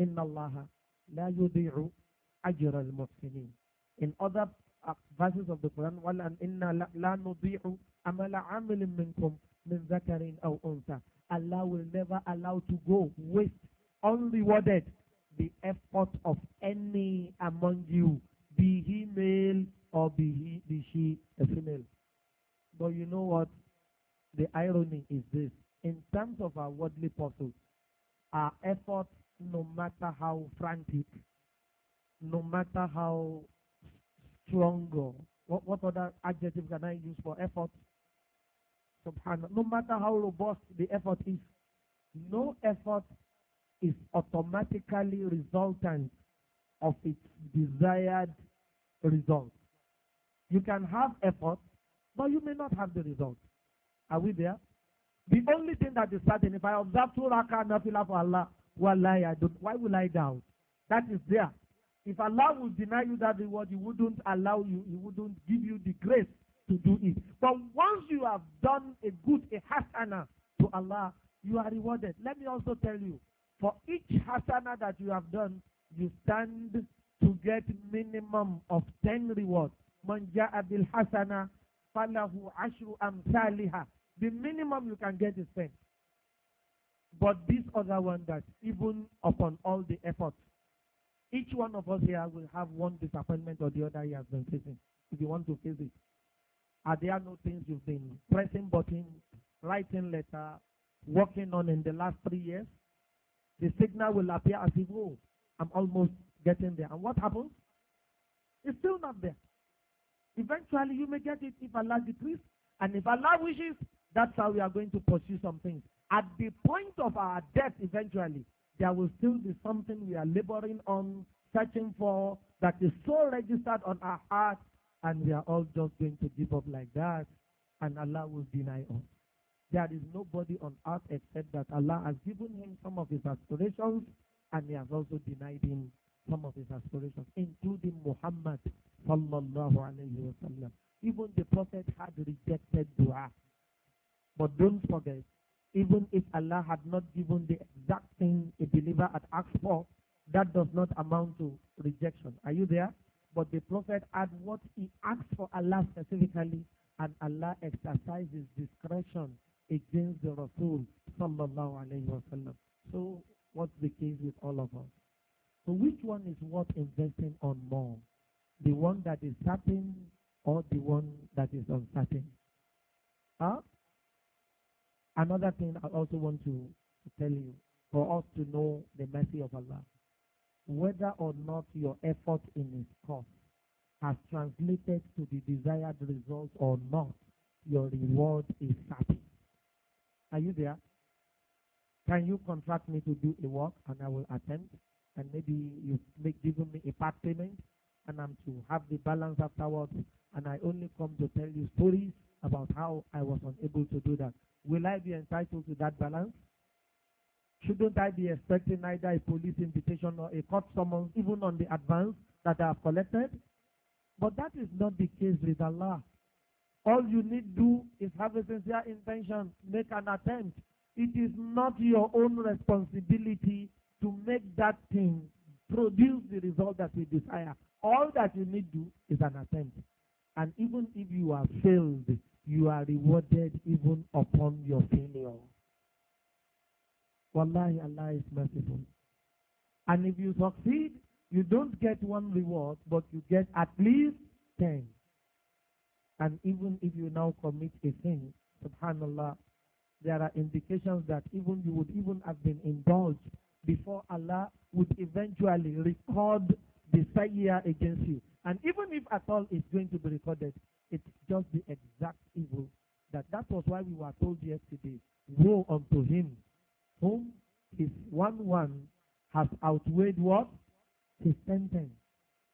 إن الله لا يضيع ajra المحسنين. In other verses of the Quran, ولا إن لا نضيع عمل amilin منكم من zakarin أو أنثى. Allah will never allow to go waste unrewarded the effort of any among you, be he male or be he be she a female. But you know what? The irony is this. In terms of our worldly pursuits, our efforts no matter how frantic, no matter how strong or what, what other adjective can I use for effort? Subhanallah. No matter how robust the effort is, no effort is automatically resultant of its desired result. You can have effort, but you may not have the result. Are we there? The only thing that is certain, if I observe two rakah nafila for Allah, Wallahi, I don't. Why will I doubt? That is there. If Allah will deny you that reward, He wouldn't allow you, He wouldn't give you the grace to do it. But once you have done a good, a hasana to Allah, you are rewarded. Let me also tell you, for each hasana that you have done, you stand to get minimum of 10 rewards. Manja abil hasana falahu ashru amthaliha. The minimum you can get is 10. But this other one that even upon all the effort, each one of us here will have one disappointment or the other he has been facing, if you want to face it. Are there no things you've been pressing buttons, writing letter, working on in the last three years? The signal will appear as if, oh, I'm almost getting there. And what happens? It's still not there. Eventually, you may get it if Allah decrees, and if Allah wishes, That's how we are going to pursue some things. At the point of our death, eventually, there will still be something we are laboring on, searching for, that is so registered on our heart, and we are all just going to give up like that, and Allah will deny us. There is nobody on earth except that Allah has given him some of his aspirations, and he has also denied him some of his aspirations, including Muhammad sallallahu Even the Prophet had rejected dua. But don't forget, even if Allah had not given the exact thing a believer had asked for, that does not amount to rejection. Are you there? But the Prophet had what he asked for Allah specifically, and Allah exercises discretion against the Rasul So what's the case with all of us? So which one is worth investing on more? The one that is certain or the one that is uncertain? Huh? Another thing I also want to tell you, for us to know the mercy of Allah, whether or not your effort in His cause has translated to the desired result or not, your reward is certain. Are you there? Can you contract me to do a work and I will attend? And maybe you make giving me a part payment and I'm to have the balance afterwards and I only come to tell you stories about how I was unable to do that. Will I be entitled to that balance? Shouldn't I be expecting neither a police invitation or a court summons, even on the advance that I have collected? But that is not the case with Allah. All you need do is have a sincere intention, make an attempt. It is not your own responsibility to make that thing produce the result that we desire. All that you need do is an attempt. And even if you have failed, you are rewarded even upon your failure. Wallahi, Allah is merciful. And if you succeed, you don't get one reward, but you get at least ten. And even if you now commit a sin, subhanallah, there are indications that even you would even have been indulged before Allah would eventually record the sayyah against you. And even if at all it's going to be recorded, it's just the exact evil, that that was why we were told yesterday, woe unto him whom his one one has outweighed what? His ten ten.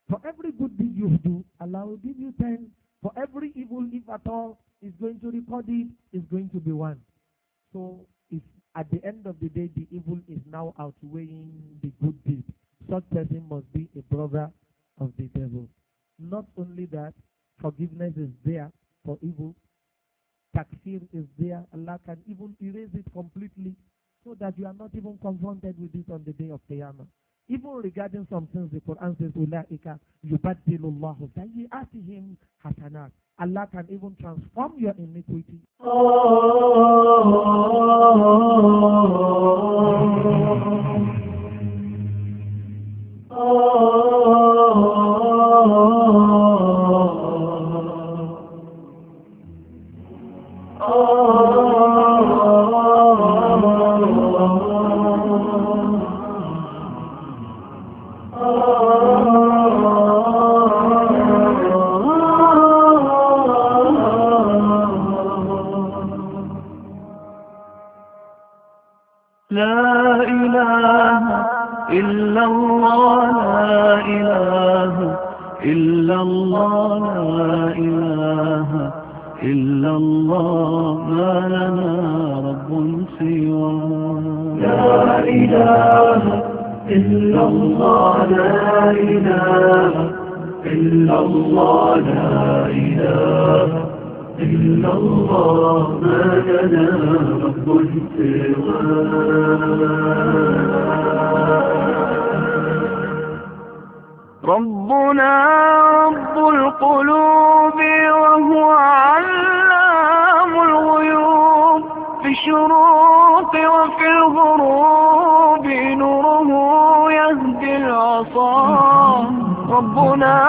For every good deed you do, Allah will give you ten. For every evil, if at all, is going to record it, is going to be one. So if at the end of the day the evil is now outweighing the good deed, such person must be a brother of the devil. Not only that, forgiveness is there for evil, takfir is there. Allah can even erase it completely so that you are not even confronted with it on the day of Qiyamah. Even regarding some things, the Quran says, Ula'ika yubaddilullahu sayyi'atihim hasanat. Allah can even transform your iniquity. Oh. سواك لا إله إلا الله لا إله إلا الله لا إله إلا الله ما لنا رب سواه ربنا رب القلوب وهو علام الغيوب بشرور الغروب نوره يهدي العصا ربنا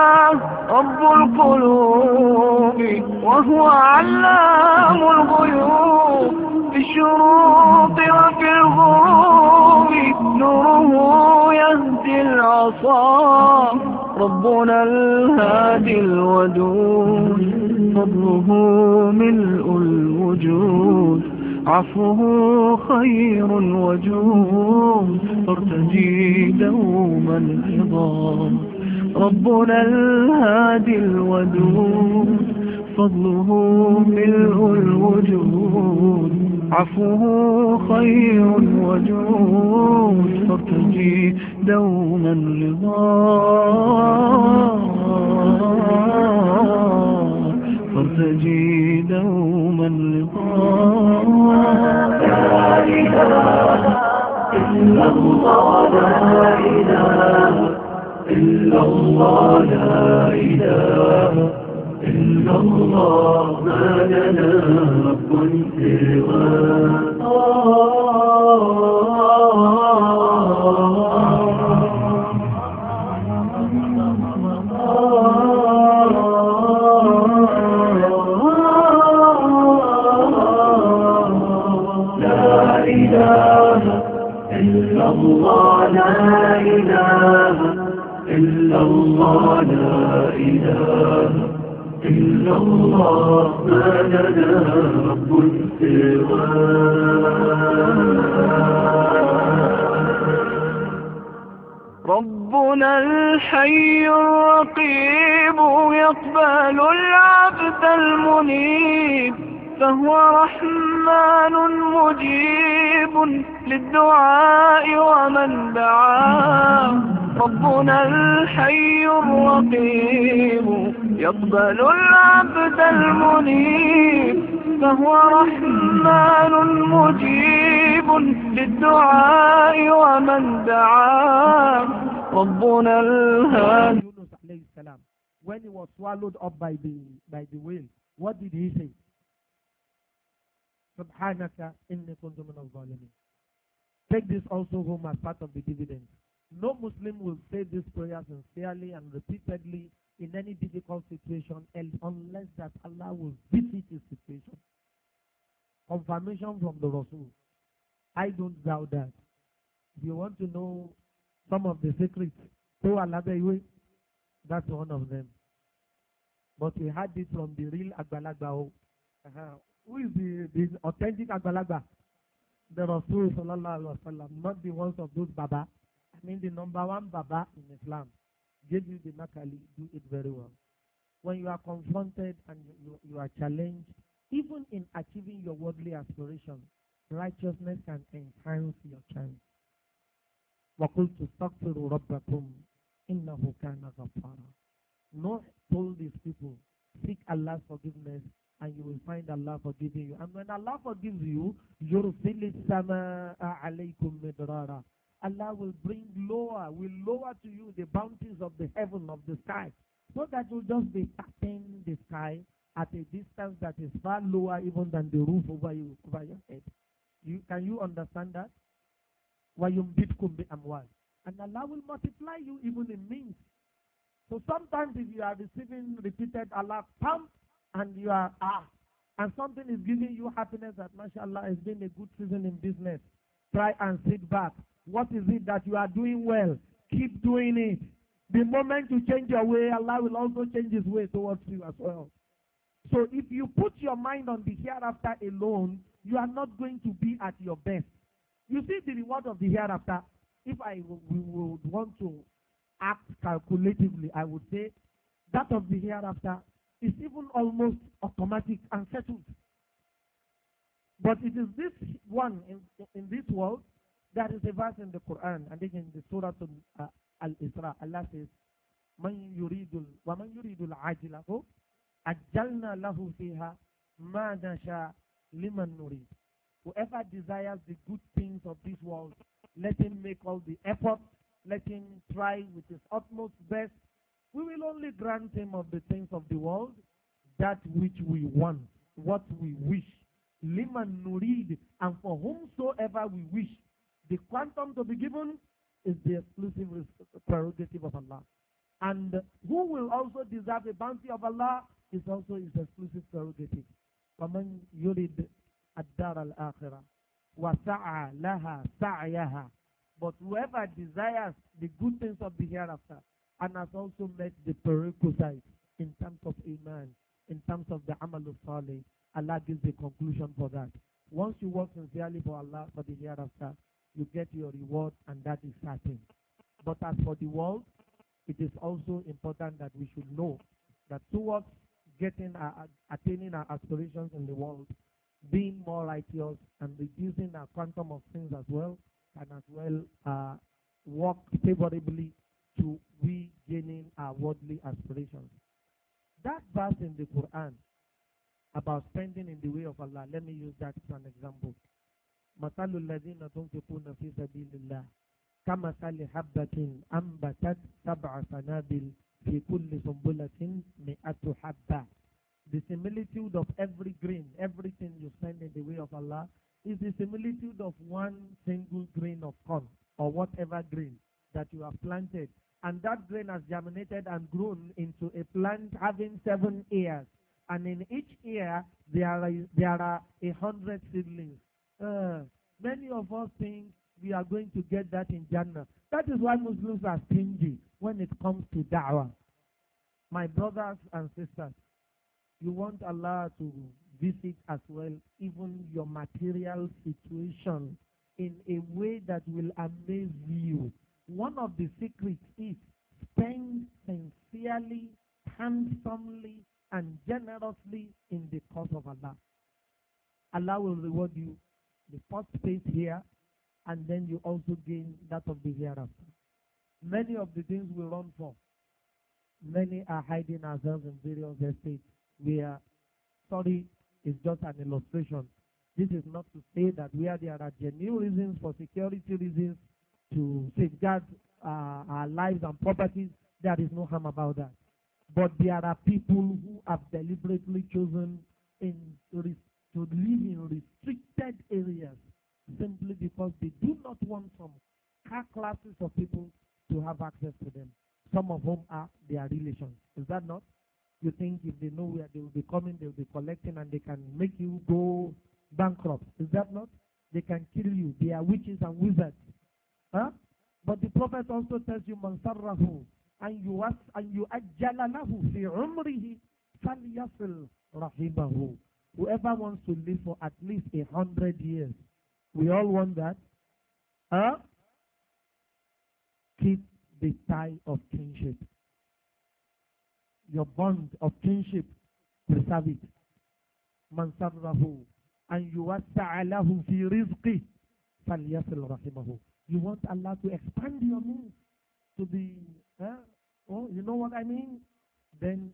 رب القلوب وهو علام الغيوب في الشروط وفي الغروب نوره يهدي العصا ربنا الهادي الودود فضله ملء الوجود عفوه خير وجود فارتجي دوما العظام ربنا الهادي الودود فضله ملء الوجود عفوه خير وجود فارتجي دوما رضاه فارتجي دوما لقاء لا إله إلا الله لا إله إلا الله لا إله إلا الله ما لنا رب سواه إله إلا الله ما لنا رب ربنا الحي الرقيب يقبل العبد المنيب فهو رحمن مجيب للدعاء ومن دعاه ربنا الحي الرقيب يقبل العبد المنيب فهو رحمن مجيب للدعاء ومن دعا ربنا الهادي When he was swallowed up by the by the whale, what did he say? Subhanaka إني kuntu min al Take this also home as part of the dividend. No Muslim will say this prayer sincerely and repeatedly in any difficult situation unless that Allah will visit his situation. Confirmation from the Rasul. I don't doubt that. If you want to know some of the secrets, so Allah that's one of them. But we had this from the real Agbalagba. Oh. Uh-huh. Who is the, the authentic Agbalagba? The Rasul, not the ones of those Baba mean the number one Baba in Islam, gave you the makali, do it very well. When you are confronted and you, you are challenged, even in achieving your worldly aspiration, righteousness can enhance your chance. وَقُلْتُ اسْتَغْفِرُوا رَبَّكُمْ إِنَّهُ كَانَ غَفَّارًا Noah told these people, seek Allah's forgiveness and you will find Allah forgiving you. And when Allah forgives you, يُرْسِلِ السَّمَاءَ عَلَيْكُمْ مِدْرَارًا Allah will bring lower, will lower to you the bounties of the heaven, of the sky, so that you'll just be tapping the sky at a distance that is far lower even than the roof over you, over your head. You, can you understand that? And Allah will multiply you even in means. So sometimes if you are receiving repeated Allah pump and you are ah, and something is giving you happiness that mashallah has been a good season in business, try and sit back What is it that you are doing well? Keep doing it. The moment you change your way, Allah will also change his way towards you as well. So if you put your mind on the hereafter alone, you are not going to be at your best. You see the reward of the hereafter. If I would want to act calculatively, I would say that of the hereafter is even almost automatic and settled. But it is this one in, in this world That is a verse in the Quran and then in the Surah uh, Al-Isra. Allah says, "Wa man ومن يريد العاجلة ajalna lahu fiha ma نشاء liman نريد. Whoever desires the good things of this world, let him make all the effort, let him try with his utmost best. We will only grant him of the things of the world that which we want, what we wish. Liman nurid, and for whomsoever we wish, the quantum to be given is the exclusive prerogative of Allah. And who will also deserve the bounty of Allah is also his exclusive prerogative. فَمَنْ يُرِدْ الدَّارَ الْآخِرَةِ وَسَعَى لَهَا سَعْيَهَا But whoever desires the good things of the hereafter and has also met the prerequisites in terms of iman, in terms of the amal of salih, Allah gives the conclusion for that. Once you work sincerely for Allah for the hereafter, you get your reward and that is certain. But as for the world, it is also important that we should know that towards getting our, uh, uh, attaining our aspirations in the world, being more righteous and reducing our quantum of sins as well, and as well uh, work favorably to we gaining our worldly aspirations. That verse in the Quran about spending in the way of Allah, let me use that as an example. مثل الذين تنفقون في سبيل الله كمثل حبة أنبتت سبع سنابل في كل سنبلة مئة حبة The similitude of every grain, everything you send in the way of Allah is the similitude of one single grain of corn or whatever grain that you have planted. And that grain has germinated and grown into a plant having seven ears. And in each ear there are, there are a hundred seedlings. Uh, many of us think we are going to get that in Jannah. That is why Muslims are stingy when it comes to da'wah. My brothers and sisters, you want Allah to visit as well, even your material situation, in a way that will amaze you. One of the secrets is spend sincerely, handsomely, and generously in the cause of Allah. Allah will reward you the first faith here, and then you also gain that of the hereafter. Many of the things we run from, many are hiding ourselves in various estates are sorry, it's just an illustration. This is not to say that where there are genuine reasons for security reasons to safeguard uh, our lives and properties, there is no harm about that. But there are people who have deliberately chosen in respect to live in restricted areas simply because they do not want some classes of people to have access to them, some of whom are their relations. Is that not? You think if they know where they will be coming, they will be collecting, and they can make you go bankrupt. Is that not? They can kill you. They are witches and wizards. Huh? But the Prophet also tells you, Mansarrahu, and you ask and you ajalalahu fi umrihi, falyasil rahimahu. Whoever wants to live for at least a hundred years, we all want that. Huh? Keep the tie of kinship. Your bond of kinship, preserve it. Man sarrahu and you yuwassa'alahu fi rizqi falyasil rahimahu. You want Allah to expand your means to be, huh? oh, you know what I mean? Then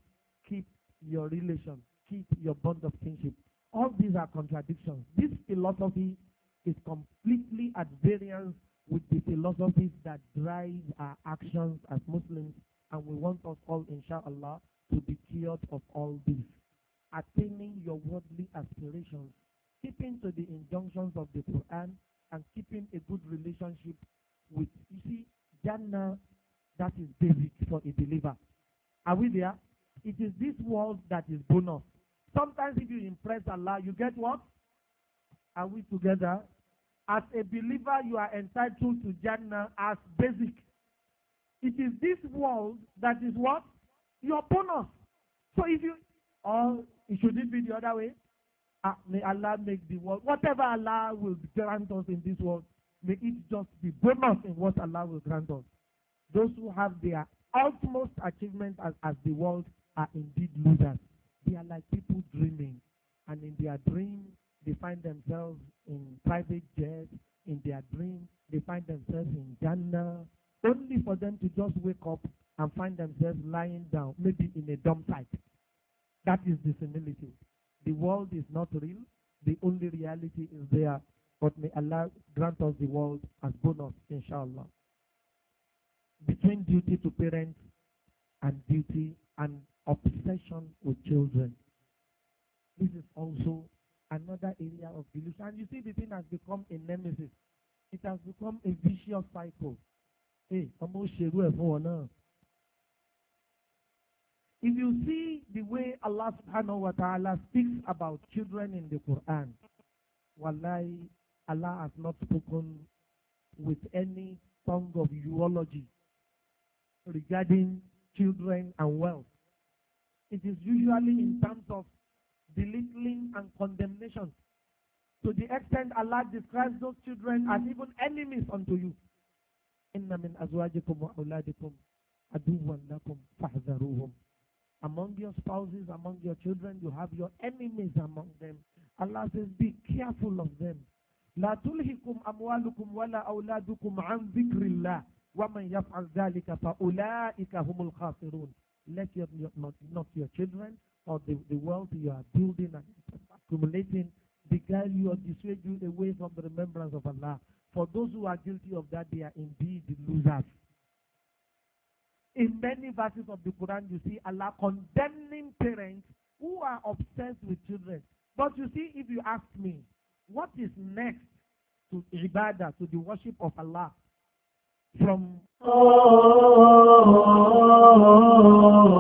keep your relation keep your bond of kinship. All these are contradictions. This philosophy is completely at variance with the philosophies that drive our actions as Muslims, and we want us all, inshallah, to be cured of all this. Attaining your worldly aspirations, keeping to the injunctions of the Quran, and keeping a good relationship with, you see, Jannah, that is basic for a believer. Are we there? It is this world that is bonus. Sometimes if you impress Allah, you get what? Are we together? As a believer, you are entitled to Jannah as basic. It is this world that is what? Your bonus. So if you, or it should shouldn't be the other way. Uh, may Allah make the world, whatever Allah will grant us in this world, may it just be bonus in what Allah will grant us. Those who have their utmost achievement as, as the world are indeed losers. They are like people dreaming, and in their dream, they find themselves in private jets. In their dream, they find themselves in Jannah, only for them to just wake up and find themselves lying down, maybe in a dump site. That is the similitude. The world is not real. The only reality is there. But may Allah grant us the world as bonus, inshallah. Between duty to parents and duty and obsession with children. This is also another area of delusion. And you see, the thing has become a nemesis. It has become a vicious cycle. Hey, ọmọ If you see the way Allah subhanahu wa ta'ala speaks about children in the Quran, wallahi, Allah has not spoken with any tongue of eulogy regarding children and wealth. it is usually in mm. terms of belittling and condemnation. To the extent Allah describes those children as mm. even enemies unto you. Among your spouses, among your children, you have your enemies among them. Allah says, be careful of them. لا تلهكم let your, your not, not your children or the, the wealth you are building and accumulating beguile you or dissuade you away from the remembrance of Allah. For those who are guilty of that, they are indeed losers. In many verses of the Quran, you see Allah condemning parents who are obsessed with children. But you see, if you ask me, what is next to ibadah, to the worship of Allah, from oh.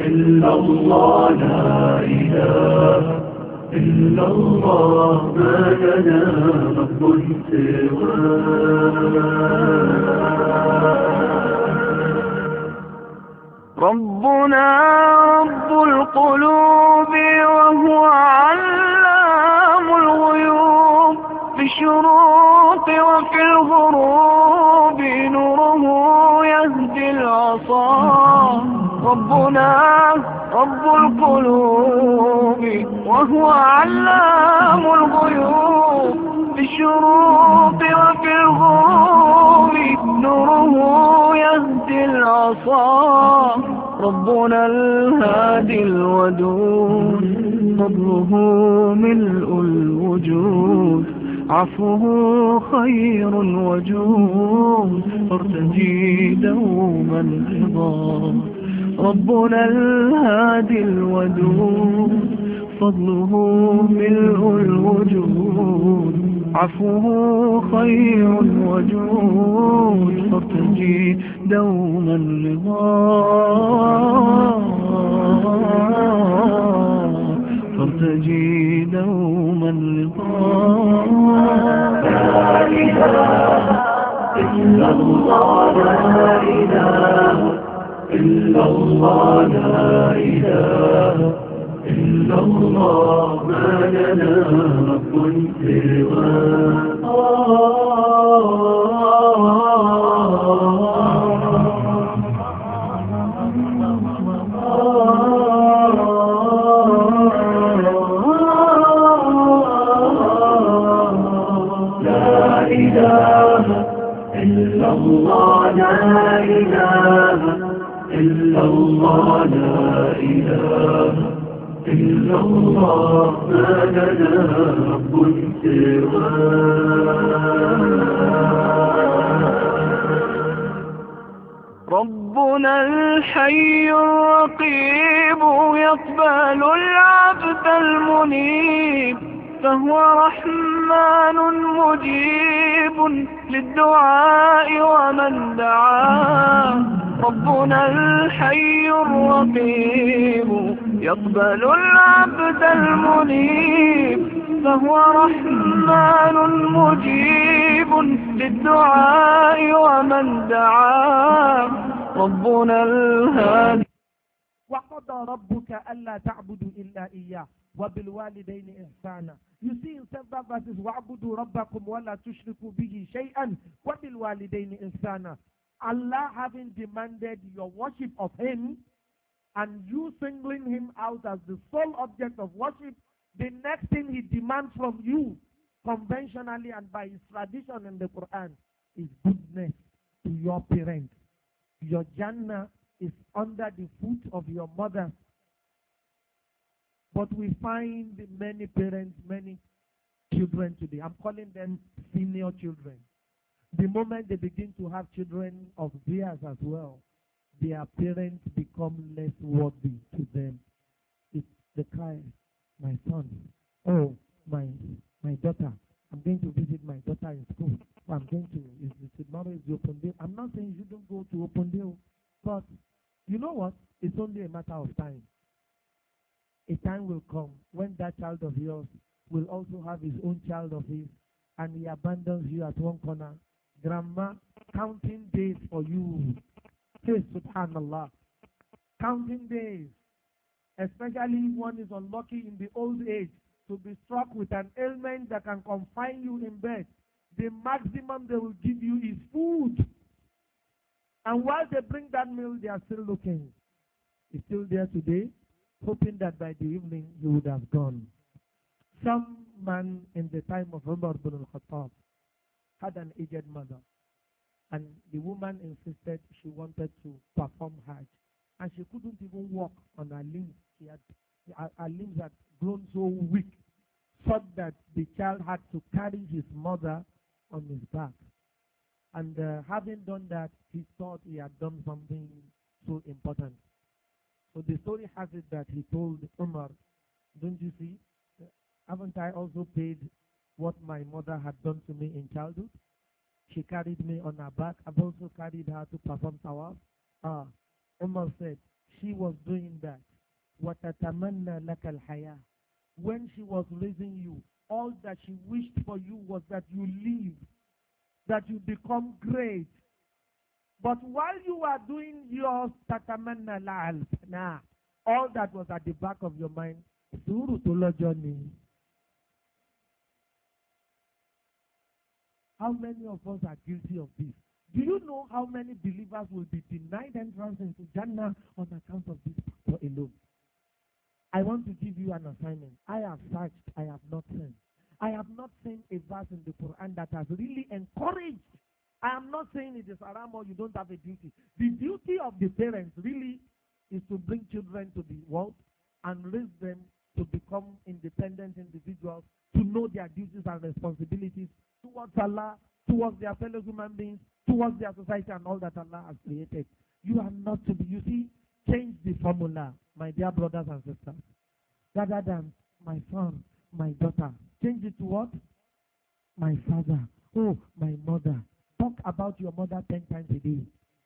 إلا الله لا إله إلا الله ما لنا رب ربنا رب القلوب ربنا رب القلوب وهو علام الغيوب في الشروق وفي الغروب نوره يهدي العصا ربنا الهادي الودود فضله ملء الوجود عفوه خير وجود فارتجي دوما رضاه ربنا الهادي الودود فضله ملء الوجود عفوه خير وجود فارتجي دوما رضا فارتجي دوما رضا لا إله إلا الله لا إله الا الله إلا الله لا إله إلا الله ما لنا رب سواه العبد المنيب فهو رحمن مجيب للدعاء ومن دعا ربنا الهادي وقضى ربك ألا تعبدوا إلا إياه وبالوالدين إحسانا You see in several verses وَعْبُدُوا رَبَّكُمْ وَلَا تُشْرِكُوا بِهِ شَيْئًا وَبِالْوَالِدَيْنِ إِحْسَانًا Allah having demanded your worship of him and you singling him out as the sole object of worship, the next thing he demands from you, conventionally and by his tradition in the Quran, is goodness to your parents. Your Jannah is under the foot of your mother. But we find many parents, many children today. I'm calling them senior children. The moment they begin to have children of theirs as well, their parents become less worthy to them. It's the kind, my son, oh, my my daughter, I'm going to visit my daughter in school. Oh, I'm going to, is it tomorrow is the open day? I'm not saying you don't go to open day, oh, but you know what? It's only a matter of time. A time will come when that child of yours will also have his own child of his, and he abandons you at one corner. Grandma counting days for you Hey, subhanallah. Counting days, especially if one is unlucky in the old age to be struck with an ailment that can confine you in bed, the maximum they will give you is food. And while they bring that meal, they are still looking. he's still there today, hoping that by the evening you would have gone. Some man in the time of Umar bin al-Khattab had an aged mother. And the woman insisted she wanted to perform Hajj. And she couldn't even walk on her limbs. She had, her, her limbs had grown so weak, such that the child had to carry his mother on his back. And uh, having done that, he thought he had done something so important. So the story has it that he told Umar, Don't you see? Haven't I also paid what my mother had done to me in childhood? She carried me on her back. I've also carried her to perform tawaf. Ah, Umar said she was doing that. وَتَتَمَنَّى لَكَ الْحَيَاةِ When she was raising you, all that she wished for you was that you live, that you become great. But while you are doing your تَتَمَنَّى لَعَلْفَنَا All that was at the back of your mind, sùúrù tó lọ́jọ́ ni. How many of us are guilty of this? Do you know how many believers will be denied entrance into Jannah on account of this factor alone? I want to give you an assignment. I have searched, I have not seen. I have not seen a verse in the Quran that has really encouraged. I am not saying it is haram or you don't have a duty. The duty of the parents really is to bring children to the world and raise them to become independent individuals, to know their duties and responsibilities, towards Allah, towards their fellow human beings, towards their society and all that Allah has created. You are not to be, you see, change the formula, my dear brothers and sisters. Rather than my son, my daughter, change it to what? My father, oh, my mother. Talk about your mother 10 times a day.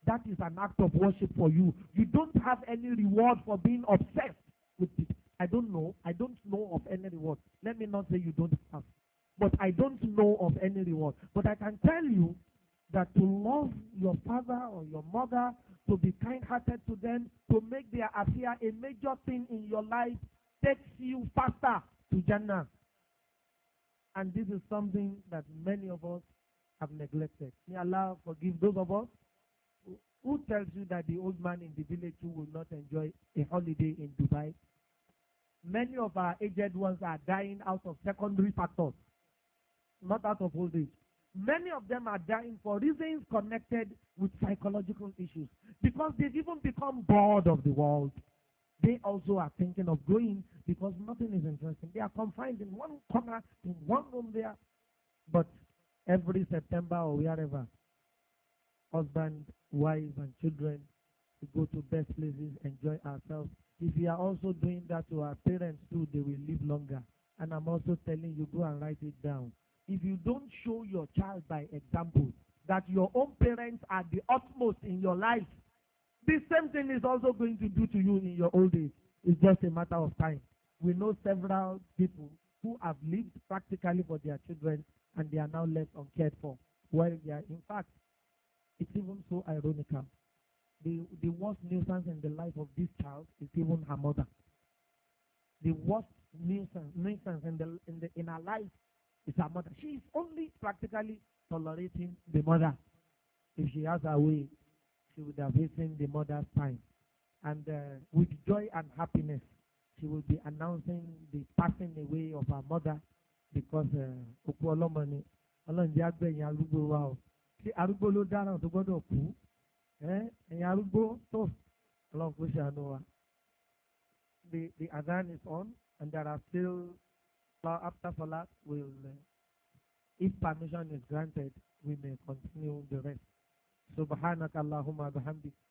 That is an act of worship for you. You don't have any reward for being obsessed with it. I don't know. I don't know of any reward. Let me not say you don't have. but I don't know of any reward. But I can tell you that to love your father or your mother, to be kind-hearted to them, to make their affair a major thing in your life, takes you faster to Jannah. And this is something that many of us have neglected. May Allah forgive those of us who, who tells you that the old man in the village who will not enjoy a holiday in Dubai. Many of our aged ones are dying out of secondary factors not out of old age. Many of them are dying for reasons connected with psychological issues because they've even become bored of the world. They also are thinking of going because nothing is interesting. They are confined in one corner, in one room there. But every September or wherever, husband, wife, and children we go to best places, enjoy ourselves. If we are also doing that to our parents too, they will live longer. And I'm also telling you, go and write it down if you don't show your child by example that your own parents are the utmost in your life, the same thing is also going to do to you in your old age. It's just a matter of time. We know several people who have lived practically for their children and they are now left uncared for. While well, they are, in fact, it's even so ironical. The, the worst nuisance in the life of this child is even her mother. The worst nuisance, nuisance in, the, in, the, in her life is her mother. She is only practically tolerating the mother. If she has her way, she would have hastened the mother's time. And uh, with joy and happiness, she will be announcing the passing away of her mother because òkú uh, ọlọ́mọ ni ọlọ́run jẹ́ agbẹ̀yìn arúgbó wa o tí arúgbó ló dáràn tó gbọ́dọ̀ kú ẹ̀yìn arúgbó tó ọlọ́run kò ṣàánú wa. The, the adhan is on and there are still after Salah, we'll, uh, if permission is granted, we may continue the rest. سبحانك اللهم بحمدك